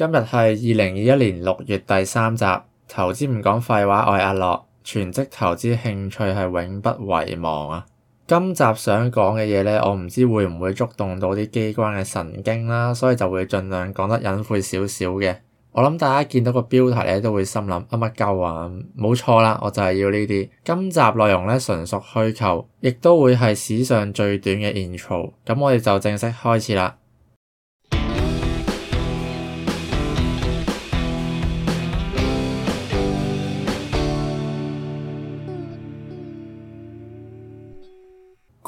今日係二零二一年六月第三集，投資唔講廢話，我係阿樂，全職投資興趣係永不遺忘啊！今集想講嘅嘢咧，我唔知會唔會觸動到啲機關嘅神經啦，所以就會盡量講得隱晦少少嘅。我諗大家見到個標題咧，都會心諗乜乜鳩啊！冇錯啊啦，我就係要呢啲。今集內容咧純屬虛構，亦都會係史上最短嘅 intro。咁我哋就正式開始啦。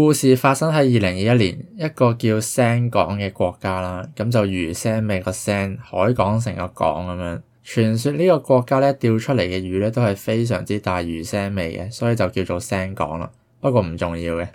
故事發生喺二零二一年，一個叫腥港嘅國家啦，咁就魚腥味個腥，海港成個港咁樣。傳說呢個國家咧釣出嚟嘅魚咧都係非常之大魚腥味嘅，所以就叫做腥港啦。不過唔重要嘅。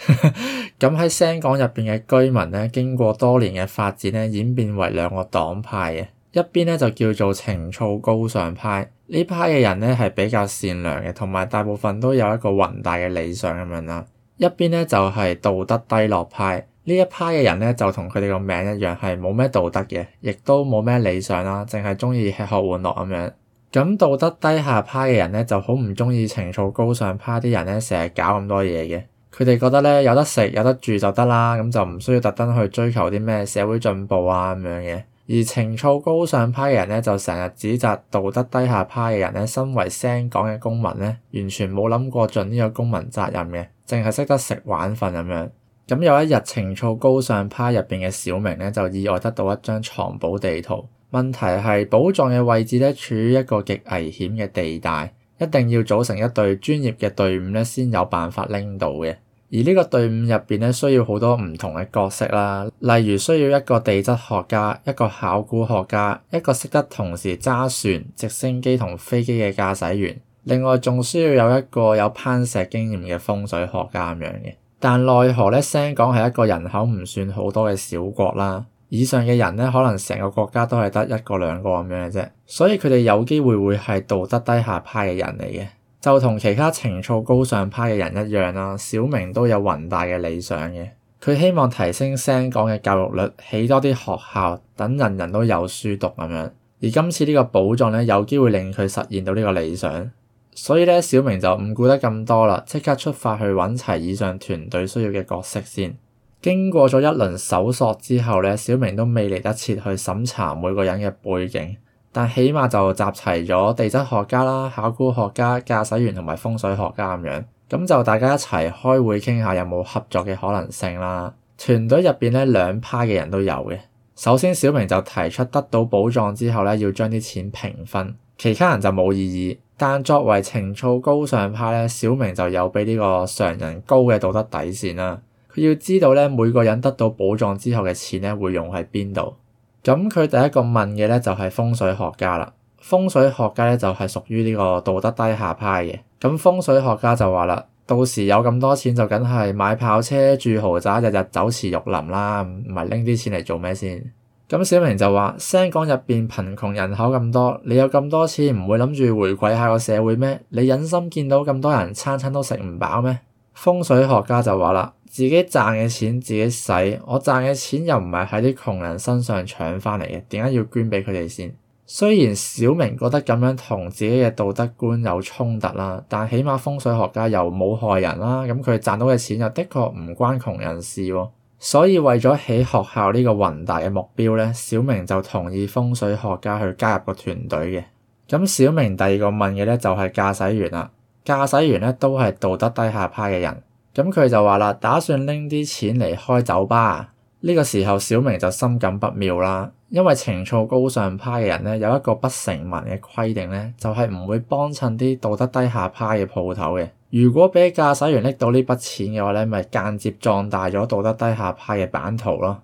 咁喺腥港入邊嘅居民咧，經過多年嘅發展咧，演變為兩個黨派嘅，一邊咧就叫做情操高尚派，派呢派嘅人咧係比較善良嘅，同埋大部分都有一個宏大嘅理想咁樣啦。一邊咧就係道德低落派，呢一派嘅人咧就同佢哋個名一樣，係冇咩道德嘅，亦都冇咩理想啦，淨係鍾意吃喝玩樂咁樣。咁道德低下派嘅人咧就好唔鍾意情操高尚派啲人咧，成日搞咁多嘢嘅，佢哋覺得咧有得食有得住就得啦，咁就唔需要特登去追求啲咩社會進步啊咁樣嘅。而情操高尚派嘅人咧，就成日指責道德低下派嘅人咧，身為香港嘅公民咧，完全冇諗過盡呢個公民責任嘅，淨係識得食玩瞓咁樣。咁有一日，情操高尚派入邊嘅小明咧，就意外得到一張藏寶地圖。問題係寶藏嘅位置咧，處於一個極危險嘅地帶，一定要組成一隊專業嘅隊伍咧，先有辦法拎到嘅。而呢個隊伍入邊咧，需要好多唔同嘅角色啦，例如需要一個地質學家、一個考古學家、一個識得同時揸船、直升機同飛機嘅駕駛員，另外仲需要有一個有攀石經驗嘅風水學家咁樣嘅。但奈何咧，聲講係一個人口唔算好多嘅小國啦，以上嘅人咧，可能成個國家都係得一個兩個咁樣嘅啫，所以佢哋有機會會係道德低下派嘅人嚟嘅。就同其他情操高尚派嘅人一樣啦，小明都有宏大嘅理想嘅。佢希望提升香港嘅教育率，起多啲學校，等人人都有書讀咁樣。而今次呢個寶藏呢，有機會令佢實現到呢個理想。所以呢，小明就唔顧得咁多啦，即刻出發去揾齊以上團隊需要嘅角色先。經過咗一輪搜索之後呢，小明都未嚟得切去審查每個人嘅背景。但起碼就集齊咗地質學家啦、考古學家、駕駛員同埋風水學家咁樣，咁就大家一齊開會傾下有冇合作嘅可能性啦。團隊入邊咧兩派嘅人都有嘅。首先小明就提出得到寶藏之後咧要將啲錢平分，其他人就冇異議。但作為情操高尚派咧，小明就有比呢個常人高嘅道德底線啦。佢要知道咧每個人得到寶藏之後嘅錢咧會用喺邊度。咁佢第一個問嘅咧就係風水學家啦，風水學家咧就係屬於呢個道德低下派嘅。咁風水學家就話啦，到時有咁多錢就梗係買跑車住豪宅，日日走池肉林啦，唔係拎啲錢嚟做咩先？咁小明就話：香港入邊貧窮人口咁多，你有咁多錢唔會諗住回饋下個社會咩？你忍心見到咁多人餐餐都食唔飽咩？風水學家就話啦。自己賺嘅錢自己使，我賺嘅錢又唔係喺啲窮人身上搶翻嚟嘅，點解要捐俾佢哋先？雖然小明覺得咁樣同自己嘅道德觀有衝突啦，但起碼風水學家又冇害人啦，咁佢賺到嘅錢又的確唔關窮人事喎。所以為咗起學校呢個宏大嘅目標呢，小明就同意風水學家去加入個團隊嘅。咁小明第二個問嘅呢，就係駕駛員啦，駕駛員呢，都係道德低下派嘅人。咁佢就話啦，打算拎啲錢嚟開酒吧。呢個時候，小明就心感不妙啦，因為情操高尚派嘅人咧有一個不成文嘅規定咧，就係唔會幫襯啲道德低下派嘅鋪頭嘅。如果俾駕駛員拎到呢筆錢嘅話咧，咪間接壯大咗道德低下派嘅版圖咯。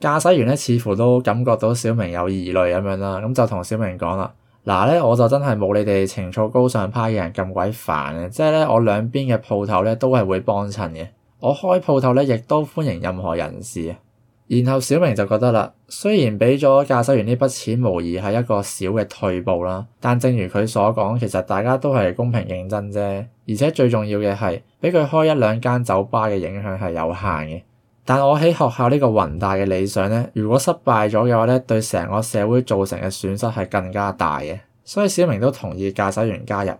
駕駛員咧似乎都感覺到小明有疑慮咁樣啦，咁就同小明講啦。嗱咧、啊，我就真係冇你哋情操高尚派嘅人咁鬼煩嘅，即係咧，我兩邊嘅鋪頭咧都係會幫襯嘅。我開鋪頭咧，亦都歡迎任何人士。然後小明就覺得啦，雖然俾咗駕駛員呢筆錢，無疑係一個小嘅退步啦，但正如佢所講，其實大家都係公平競爭啫，而且最重要嘅係俾佢開一兩間酒吧嘅影響係有限嘅。但我喺學校呢個宏大嘅理想呢，如果失敗咗嘅話咧，對成個社會造成嘅損失係更加大嘅。所以小明都同意駕駛員加入。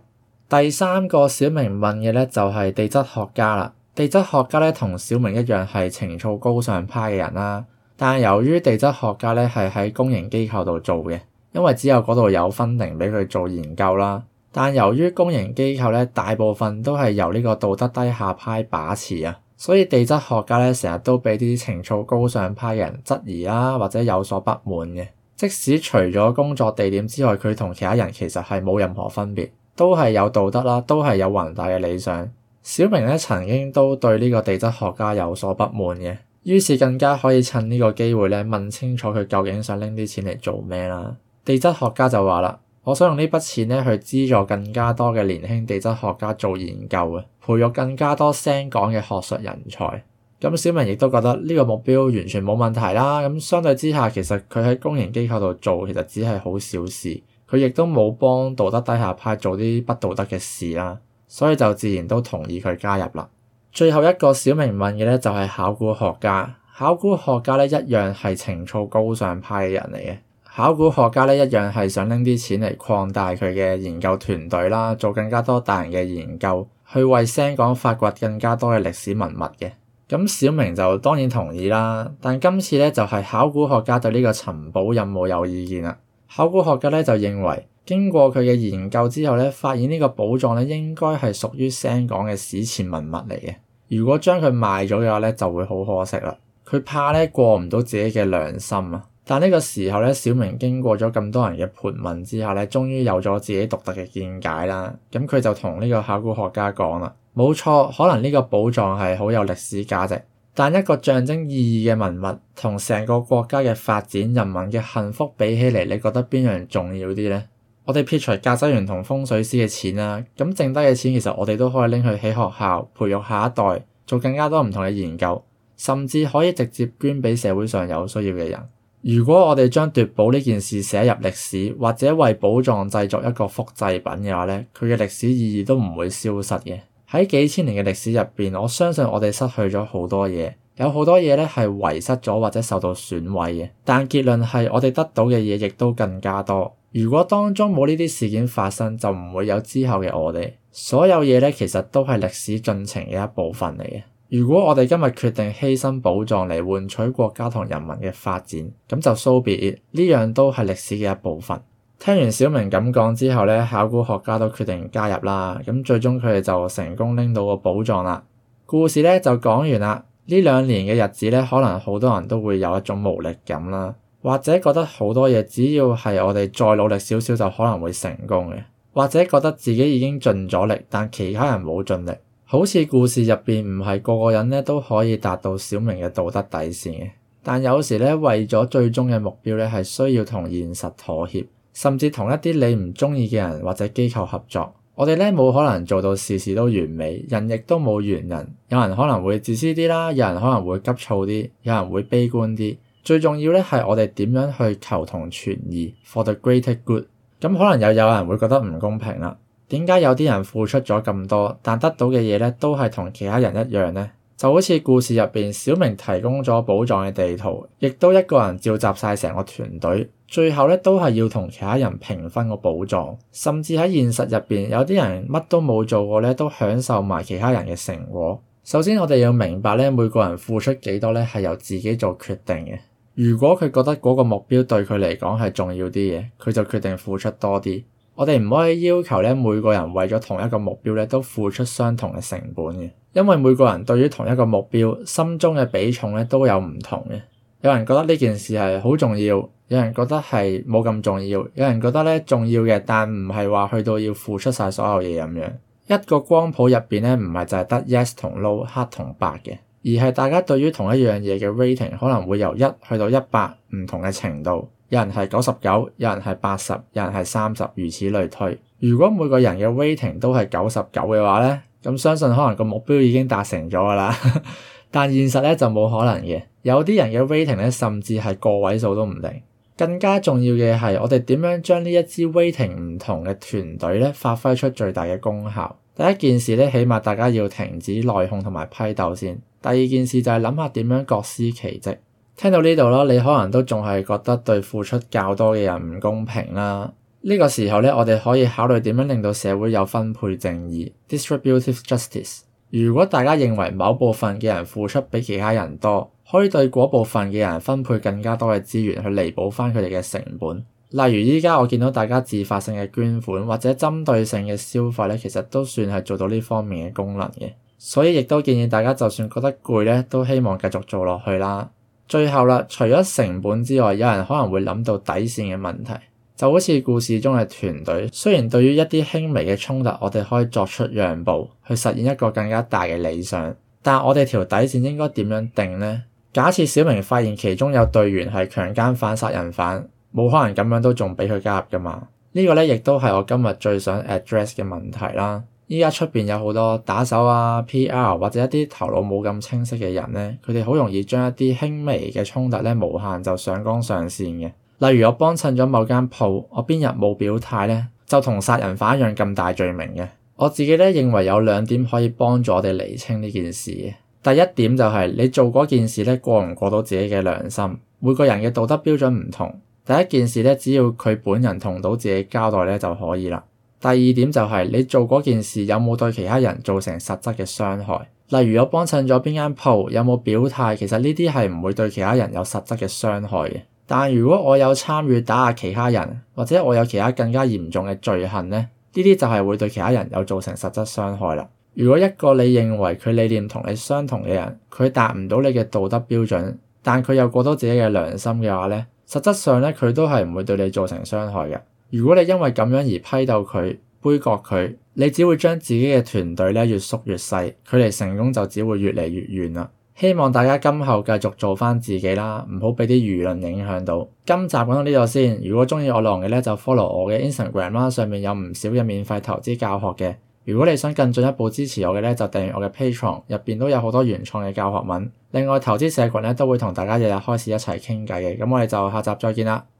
第三個小明問嘅呢，就係地質學家啦。地質學家呢，同小明一樣係情操高尚派嘅人啦，但由於地質學家呢係喺公營機構度做嘅，因為只有嗰度有 funding 俾佢做研究啦。但由於公營機構呢，大部分都係由呢個道德低下派把持啊。所以地質學家咧成日都俾啲情操高尚派嘅人質疑啦、啊，或者有所不滿嘅。即使除咗工作地點之外，佢同其他人其實係冇任何分別，都係有道德啦、啊，都係有宏大嘅理想。小明咧曾經都對呢個地質學家有所不滿嘅，於是更加可以趁呢個機會咧問清楚佢究竟想拎啲錢嚟做咩啦、啊。地質學家就話啦。我想用呢筆錢咧去資助更加多嘅年輕地質學家做研究啊，培育更加多香港嘅學術人才。咁小明亦都覺得呢個目標完全冇問題啦。咁相對之下，其實佢喺公營機構度做，其實只係好小事。佢亦都冇幫道德低下派做啲不道德嘅事啦，所以就自然都同意佢加入啦。最後一個小明問嘅咧就係考古學家，考古學家咧一樣係情操高尚派嘅人嚟嘅。考古學家咧一樣係想拎啲錢嚟擴大佢嘅研究團隊啦，做更加多大型嘅研究，去為香港發掘更加多嘅歷史文物嘅。咁小明就當然同意啦，但今次咧就係考古學家對呢個尋寶任務有冇有意見啦。考古學家咧就認為，經過佢嘅研究之後咧，發現呢個寶藏咧應該係屬於香港嘅史前文物嚟嘅。如果將佢賣咗嘅話咧，就會好可惜啦。佢怕咧過唔到自己嘅良心啊。但呢個時候咧，小明經過咗咁多人嘅盤問之後咧，終於有咗自己獨特嘅見解啦。咁佢就同呢個考古學家講啦：「冇錯，可能呢個寶藏係好有歷史價值，但一個象徵意義嘅文物同成個國家嘅發展、人民嘅幸福比起嚟，你覺得邊樣重要啲咧？我哋撇除鑑證員同風水師嘅錢啦，咁剩低嘅錢其實我哋都可以拎去起學校培育下一代，做更加多唔同嘅研究，甚至可以直接捐俾社會上有需要嘅人。如果我哋將奪寶呢件事寫入歷史，或者為寶藏製作一個複製品嘅話咧，佢嘅歷史意義都唔會消失嘅。喺幾千年嘅歷史入邊，我相信我哋失去咗好多嘢，有好多嘢咧係遺失咗或者受到損毀嘅。但結論係我哋得到嘅嘢亦都更加多。如果當中冇呢啲事件發生，就唔會有之後嘅我哋。所有嘢咧其實都係歷史進程嘅一部分嚟嘅。如果我哋今日決定犧牲寶藏嚟換取國家同人民嘅發展，咁就 so 呢樣都係歷史嘅一部分。聽完小明咁講之後咧，考古學家都決定加入啦。咁最終佢哋就成功拎到個寶藏啦。故事咧就講完啦。呢兩年嘅日子咧，可能好多人都會有一種無力感啦，或者覺得好多嘢只要係我哋再努力少少就可能會成功嘅，或者覺得自己已經盡咗力，但其他人冇盡力。好似故事入邊唔係個個人咧都可以達到小明嘅道德底線嘅，但有時咧為咗最終嘅目標咧係需要同現實妥協，甚至同一啲你唔中意嘅人或者機構合作。我哋咧冇可能做到事事都完美，人亦都冇完人。有人可能會自私啲啦，有人可能會急躁啲，有人會悲觀啲。最重要咧係我哋點樣去求同存異，for the greater good。咁可能又有，有人會覺得唔公平啦。點解有啲人付出咗咁多，但得到嘅嘢咧都係同其他人一樣咧？就好似故事入邊，小明提供咗寶藏嘅地圖，亦都一個人召集晒成個團隊，最後咧都係要同其他人平分個寶藏。甚至喺現實入邊，有啲人乜都冇做過咧，都享受埋其他人嘅成果。首先，我哋要明白咧，每個人付出幾多咧係由自己做決定嘅。如果佢覺得嗰個目標對佢嚟講係重要啲嘅，佢就決定付出多啲。我哋唔可以要求咧，每個人為咗同一個目標咧，都付出相同嘅成本嘅，因為每個人對於同一個目標心中嘅比重咧都有唔同嘅。有人覺得呢件事係好重要，有人覺得係冇咁重要，有人覺得咧重要嘅，但唔係話去到要付出晒所有嘢咁樣。一個光譜入邊咧，唔係就係得 yes 同 no、黑同白嘅，而係大家對於同一樣嘢嘅 rating 可能會由一去到一百唔同嘅程度。有人係九十九，有人係八十，有人係三十，如此類推。如果每個人嘅 rating 都係九十九嘅話咧，咁相信可能個目標已經達成咗㗎喇。 但現實咧就冇可能嘅，有啲人嘅 rating 咧甚至係個位數都唔定。更加重要嘅係我哋點樣將呢一支 rating 唔同嘅團隊咧發揮出最大嘅功效。第一件事咧，起碼大家要停止內訌同埋批鬥先。第二件事就係諗下點樣各司其職。聽到呢度啦，你可能都仲係覺得對付出較多嘅人唔公平啦。呢個時候咧，我哋可以考慮點樣令到社會有分配正義 （Distributive Justice）。如果大家認為某部分嘅人付出比其他人多，可以對嗰部分嘅人分配更加多嘅資源去彌補翻佢哋嘅成本。例如依家我見到大家自發性嘅捐款或者針對性嘅消費咧，其實都算係做到呢方面嘅功能嘅。所以亦都建議大家，就算覺得攰咧，都希望繼續做落去啦。最後啦，除咗成本之外，有人可能會諗到底線嘅問題，就好似故事中嘅團隊。雖然對於一啲輕微嘅衝突，我哋可以作出讓步去實現一個更加大嘅理想，但我哋條底線應該點樣定呢？假設小明發現其中有隊員係強姦犯、殺人犯，冇可能咁樣都仲俾佢加入噶嘛。這個、呢個咧亦都係我今日最想 address 嘅問題啦。依家出邊有好多打手啊、PR 或者一啲頭腦冇咁清晰嘅人咧，佢哋好容易將一啲輕微嘅衝突咧無限就上綱上線嘅。例如我幫襯咗某間鋪，我邊日冇表態咧，就同殺人犯一樣咁大罪名嘅。我自己咧認為有兩點可以幫助我哋厘清呢件事嘅。第一點就係你做嗰件事咧過唔過到自己嘅良心，每個人嘅道德標準唔同。第一件事咧只要佢本人同到自己交代咧就可以啦。第二點就係、是、你做嗰件事有冇對其他人造成實質嘅傷害，例如我幫襯咗邊間鋪，有冇表態，其實呢啲係唔會對其他人有實質嘅傷害嘅。但如果我有參與打壓其他人，或者我有其他更加嚴重嘅罪行咧，呢啲就係會對其他人有造成實質傷害啦。如果一個你認為佢理念同你相同嘅人，佢達唔到你嘅道德標準，但佢又過到自己嘅良心嘅話咧，實質上咧佢都係唔會對你造成傷害嘅。如果你因為咁樣而批鬥佢、杯葛佢，你只會將自己嘅團隊咧越縮越細，距離成功就只會越嚟越遠啦。希望大家今後繼續做翻自己啦，唔好俾啲輿論影響到。今集講到呢度先。如果中意我內容嘅咧，就 follow 我嘅 Instagram 啦，上面有唔少嘅免費投資教學嘅。如果你想更進一步支持我嘅咧，就訂閱我嘅 Patreon，入邊都有好多原創嘅教學文。另外投資社群咧都會同大家日日開始一齊傾偈嘅。咁我哋就下集再見啦。